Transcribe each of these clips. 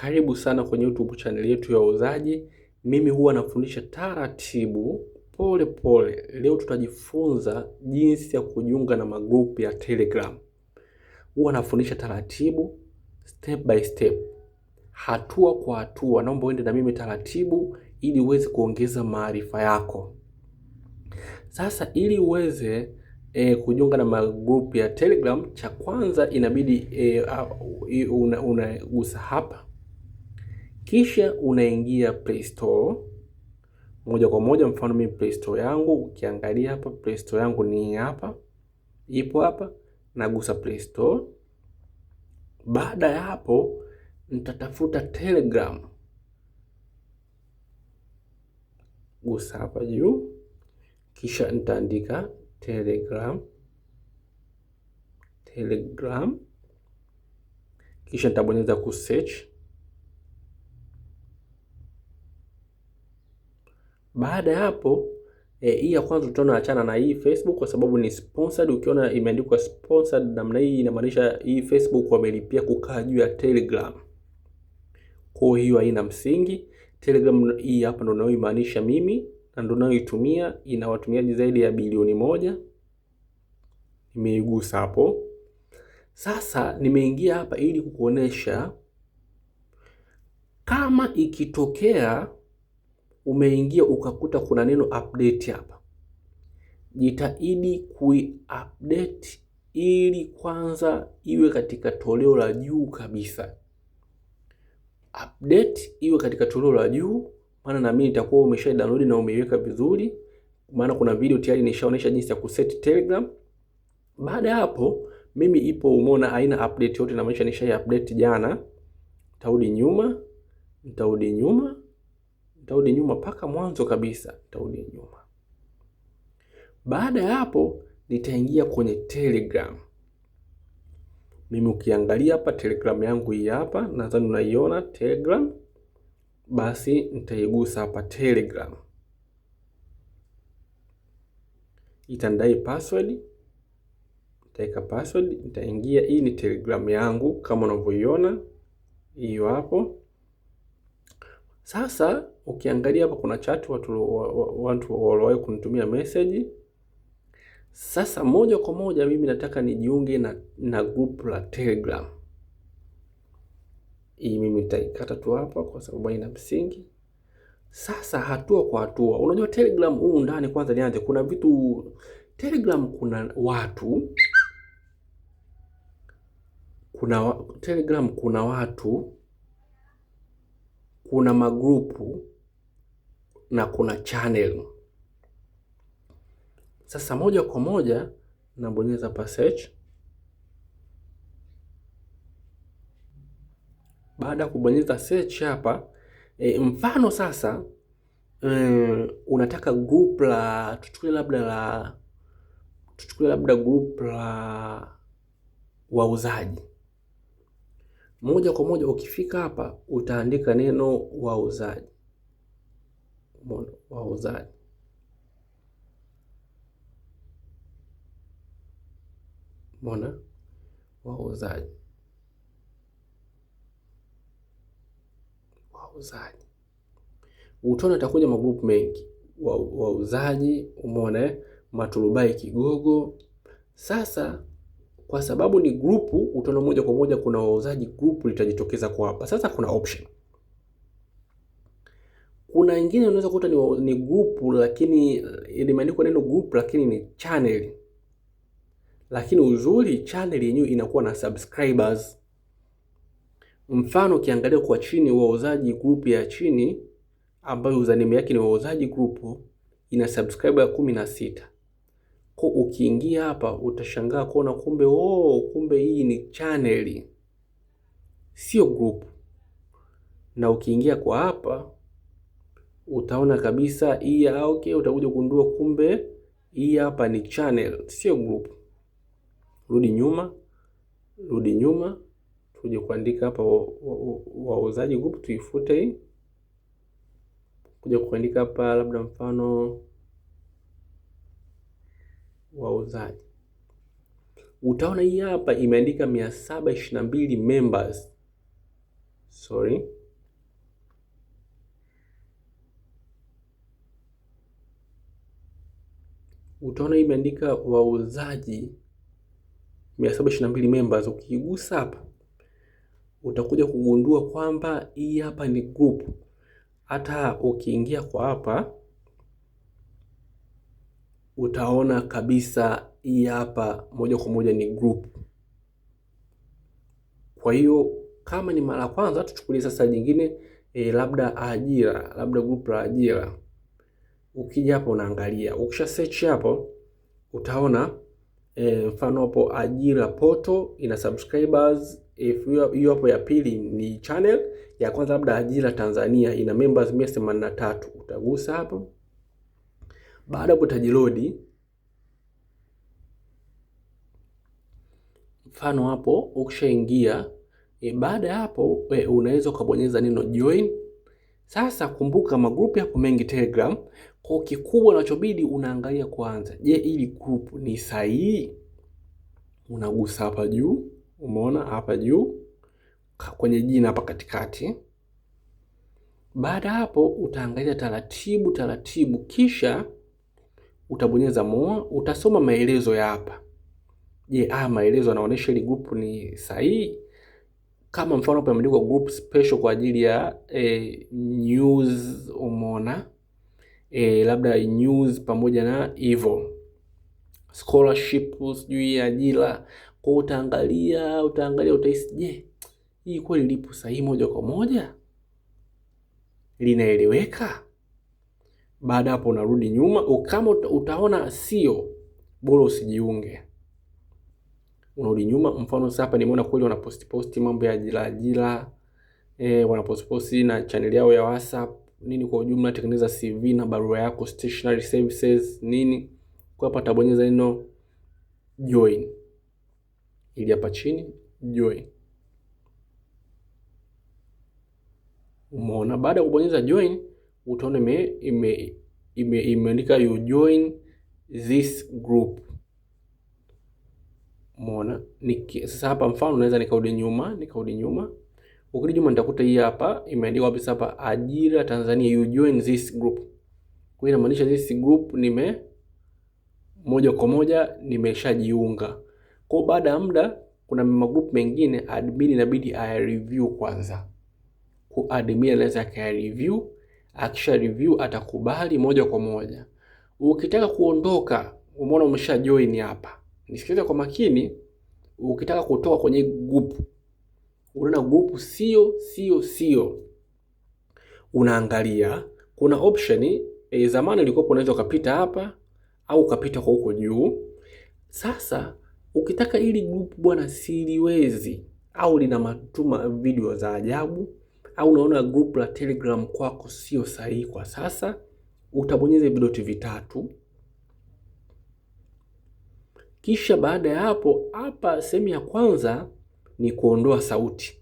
Karibu sana kwenye YouTube channel yetu ya Wauzaji. Mimi huwa nafundisha taratibu pole pole. Leo tutajifunza jinsi ya kujiunga na magrupu ya Telegram. Huwa nafundisha taratibu step by step, hatua kwa hatua. Naomba uende na mimi taratibu, ili uweze kuongeza maarifa yako. Sasa ili uweze E, kujiunga na magrupu ya Telegram, cha kwanza inabidi e, uh, una, hapa kisha unaingia Play Store moja kwa moja, mfano mimi Play Store yangu, ukiangalia hapa Play Store yangu ni hapa, ipo hapa, nagusa Play Store. Baada ya hapo, nitatafuta Telegram, gusa hapa juu, kisha nitaandika Telegram, Telegram, kisha nitabonyeza ku search Baada ya hapo e, hii ya kwanza tutaona achana na hii Facebook kwa sababu ni sponsored. Ukiona imeandikwa sponsored namna hii, inamaanisha hii Facebook wamelipia kukaa juu ya Telegram. Kwa hiyo haina msingi. Telegram hii hapa ndo nayoimaanisha mimi na ndo nayoitumia, ina watumiaji zaidi ya bilioni moja. Nimeigusa hapo. Sasa nimeingia hapa ili kukuonesha kama ikitokea umeingia ukakuta kuna neno update hapa, jitahidi kuiupdate ili kwanza iwe katika toleo la juu kabisa. Update iwe katika toleo la juu, maana naamini itakuwa umesha download na umeiweka vizuri, maana kuna video tayari nishaonesha jinsi ya kuset Telegram. Baada ya hapo, mimi ipo umeona aina update yote, na maisha nishai update jana. Nitarudi nyuma, nitarudi nyuma Nitarudi nyuma mpaka mwanzo kabisa, nitarudi nyuma. Baada ya hapo, nitaingia kwenye Telegram. Mimi ukiangalia hapa Telegram yangu hii hapa, nadhani unaiona Telegram. Basi nitaigusa hapa Telegram, itandai password, nitaweka password, nitaingia. Hii ni Telegram yangu kama unavyoiona hiyo hapo. Sasa ukiangalia hapa kuna chat watu watu waliowahi kunitumia message. Sasa moja kwa moja mimi nataka nijiunge na, na group la Telegram. Hii mimi nitaikata tu hapa kwa sababu haina msingi. Sasa hatua kwa hatua, unajua Telegram huu ndani, kwanza nianze, kuna vitu Telegram, kuna watu kuna Telegram, kuna watu, kuna magrupu na kuna channel. Sasa moja kwa moja nabonyeza pa search. Baada ya kubonyeza search hapa e, mfano sasa e, unataka group la tuchukue labda la tuchukue labda group la wauzaji moja kwa moja ukifika hapa utaandika neno wauzaji wauzaji. Mbona wauzaji wauzaji, utona atakuja magrupu mengi wauzaji, umeona eh? maturubai kigogo. Sasa kwa sababu ni grupu, utaona moja kwa moja kuna wauzaji, grupu litajitokeza kwa hapa. Sasa kuna option kuna wengine unaweza kukuta ni, ni group lakini eh, limeandikwa neno group lakini ni channel, lakini uzuri channel yenyewe inakuwa na subscribers. Mfano ukiangalia kwa chini, wauzaji group ya chini ambayo uzanimi yake ni wauzaji group ina subscriber ya kumi na sita. Kwa ukiingia hapa utashangaa kuona kumbe, oh, kumbe hii ni channel sio group. Na ukiingia kwa hapa utaona kabisa hii ah, okay, utakuja kugundua kumbe hii hapa ni channel, sio group. Rudi nyuma, rudi nyuma, tuje kuandika hapa wauzaji group, tuifute hii, kuja kuandika hapa labda mfano wauzaji utaona hii hapa imeandika mia saba ishirini na mbili members sorry utaona imeandika wauzaji 722 members. Ukigusa hapa utakuja kugundua kwamba hii hapa ni group. Hata ukiingia kwa hapa utaona kabisa hii hapa moja kwa moja ni group. Kwa hiyo kama ni mara kwanza, tuchukulie sasa jingine e, labda ajira, labda group la ajira ukija hapo unaangalia, ukisha search hapo utaona e, mfano hapo ajira poto ina subscribers if hiyo hapo ya pili ni channel ya kwanza, labda ajira Tanzania ina members 183 utagusa hapo. Baada hapo utajilodi mfano hapo ukishaingia e, baada ya hapo e, unaweza ukabonyeza neno join. Sasa kumbuka magrupu yako mengi Telegram, kwa kikubwa unachobidi unaangalia kwanza, je, ili group ni sahihi? Unagusa hapa juu, umeona hapa juu kwenye jina hapa katikati. Baada hapo utaangalia taratibu taratibu, kisha utabonyeza more, utasoma maelezo ya hapa. Je, haya maelezo yanaonyesha ili group ni sahihi? Kama mfano pameandikwa group special kwa ajili ya eh, news, umeona e, labda news pamoja na hivyo scholarship, sijui ajira. Kwa utaangalia utaangalia, utahisi je, hii kweli lipo sahihi moja kwa moja, linaeleweka? Baada hapo unarudi nyuma, kama utaona sio bora, usijiunge unarudi nyuma. Mfano sasa hapa nimeona kweli wanaposti posti mambo ya ajira ajira, eh, wanaposti posti na chaneli yao ya WhatsApp nini kwa ujumla, tengeneza CV na barua yako, stationary services nini. Kwa hapa tabonyeza neno join, ili hapa chini join. Umeona, baada ya kubonyeza join utaona ime ime imeandika you join this group. Umeona, sasa hapa mfano naweza nikarudi nyuma, nikarudi nyuma Ukirudi Juma nitakuta hii hapa imeandikwa kabisa hapa ajira Tanzania, you join this group. Kwa hiyo inamaanisha this group nime moja kwa moja nimeshajiunga. Kwa baada ya muda kuna magroup mengine admin inabidi a review kwanza. Kwa admin anaweza aka review, akisha review atakubali moja kwa moja. Ukitaka kuondoka, umeona umesha join hapa. Nisikilize kwa makini, ukitaka kutoka kwenye group unaona group sio sio sio, unaangalia kuna option e, zamani ilikuwa unaweza ukapita hapa au ukapita kwa huko juu. Sasa ukitaka ili group bwana, siliwezi au lina matuma video za ajabu au unaona group la Telegram kwako sio sahihi kwa sasa, utabonyeza vidoti vitatu. Kisha baada ya hapo, hapa sehemu ya kwanza ni kuondoa sauti.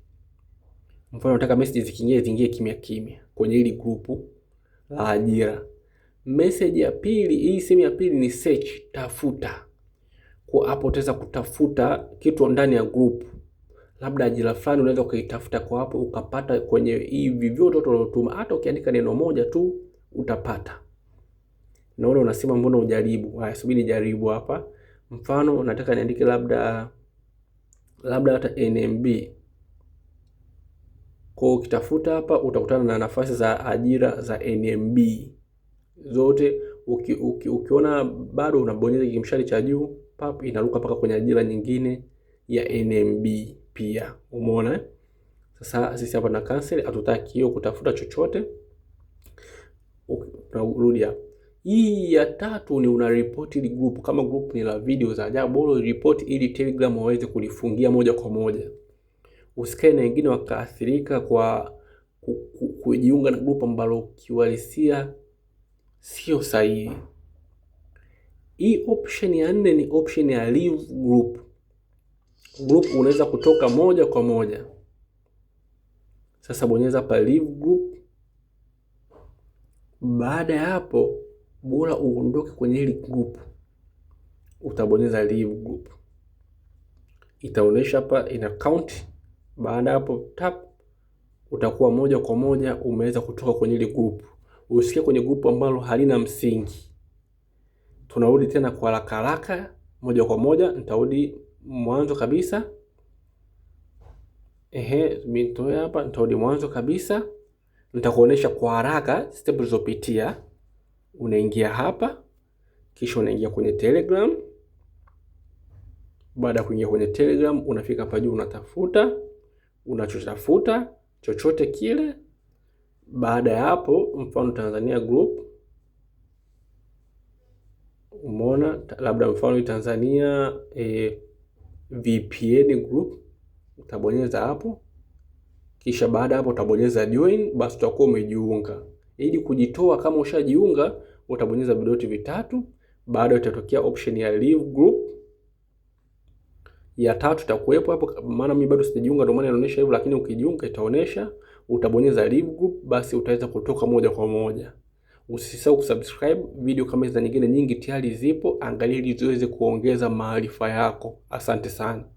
Mfano, nataka message zikiingia ziingie kimya kimya kwenye hili grupu la ajira. Message ya pili, hii sehemu ya pili ni search, tafuta. Kwa hapo utaweza kutafuta kitu ndani ya grupu, labda ajira fulani unaweza ukaitafuta kwa hapo ukapata kwenye hivi vyote ulivyotuma. Hata ukiandika neno moja tu utapata. Naona unasema mbona ujaribu? Haya, subiri nijaribu hapa. Mfano nataka niandike labda labda hata NMB. Kwa ukitafuta hapa utakutana na nafasi za ajira za NMB zote. Uki, uki, ukiona bado unabonyeza kimshale cha juu pap, inaruka mpaka kwenye ajira nyingine ya NMB pia. Umeona eh? Sasa sisi hapa na cancel, hatutaki hiyo kutafuta chochote. Rudi hapa. Hii ya tatu ni una report ili group, kama group ni la video za ajabu, bora report ili Telegram waweze kulifungia moja kwa moja. Usikae na wengine wakaathirika kwa kujiunga na group ambalo kiwalisia sio sahihi. Hii option ya nne ni option ya leave group. Group unaweza kutoka moja kwa moja. Sasa bonyeza pa leave group. Baada ya hapo bora uondoke kwenye hili group. Utabonyeza leave group, itaonyesha hapa ina count. Baada hapo tap, utakuwa moja kwa moja umeweza kutoka kwenye ile group. Usikie kwenye group ambalo halina msingi. Tunarudi tena kwa haraka haraka, moja kwa moja, nitarudi mwanzo kabisa. Ehe, mitoe hapa, nitarudi mwanzo kabisa, nitakuonesha kwa haraka step zilizopitia unaingia hapa, kisha unaingia kwenye Telegram. Baada ya kuingia kwenye Telegram, unafika hapa juu, unatafuta unachotafuta chochote kile. Baada ya hapo, mfano Tanzania group, umeona labda mfano Tanzania eh, VPN group utabonyeza hapo, kisha baada hapo utabonyeza join, basi utakuwa umejiunga. Ili kujitoa kama ushajiunga, utabonyeza vidoti vitatu, baada itatokea option ya leave group. Ya tatu itakuwepo hapo, maana mimi bado sijajiunga, ndio maana inaonyesha hivyo, lakini ukijiunga itaonesha, utabonyeza leave group, basi utaweza kutoka moja kwa moja. Usisahau kusubscribe. Video kama hizi nyingine nyingi tayari zipo, angalia ili ziweze kuongeza maarifa yako. Asante sana.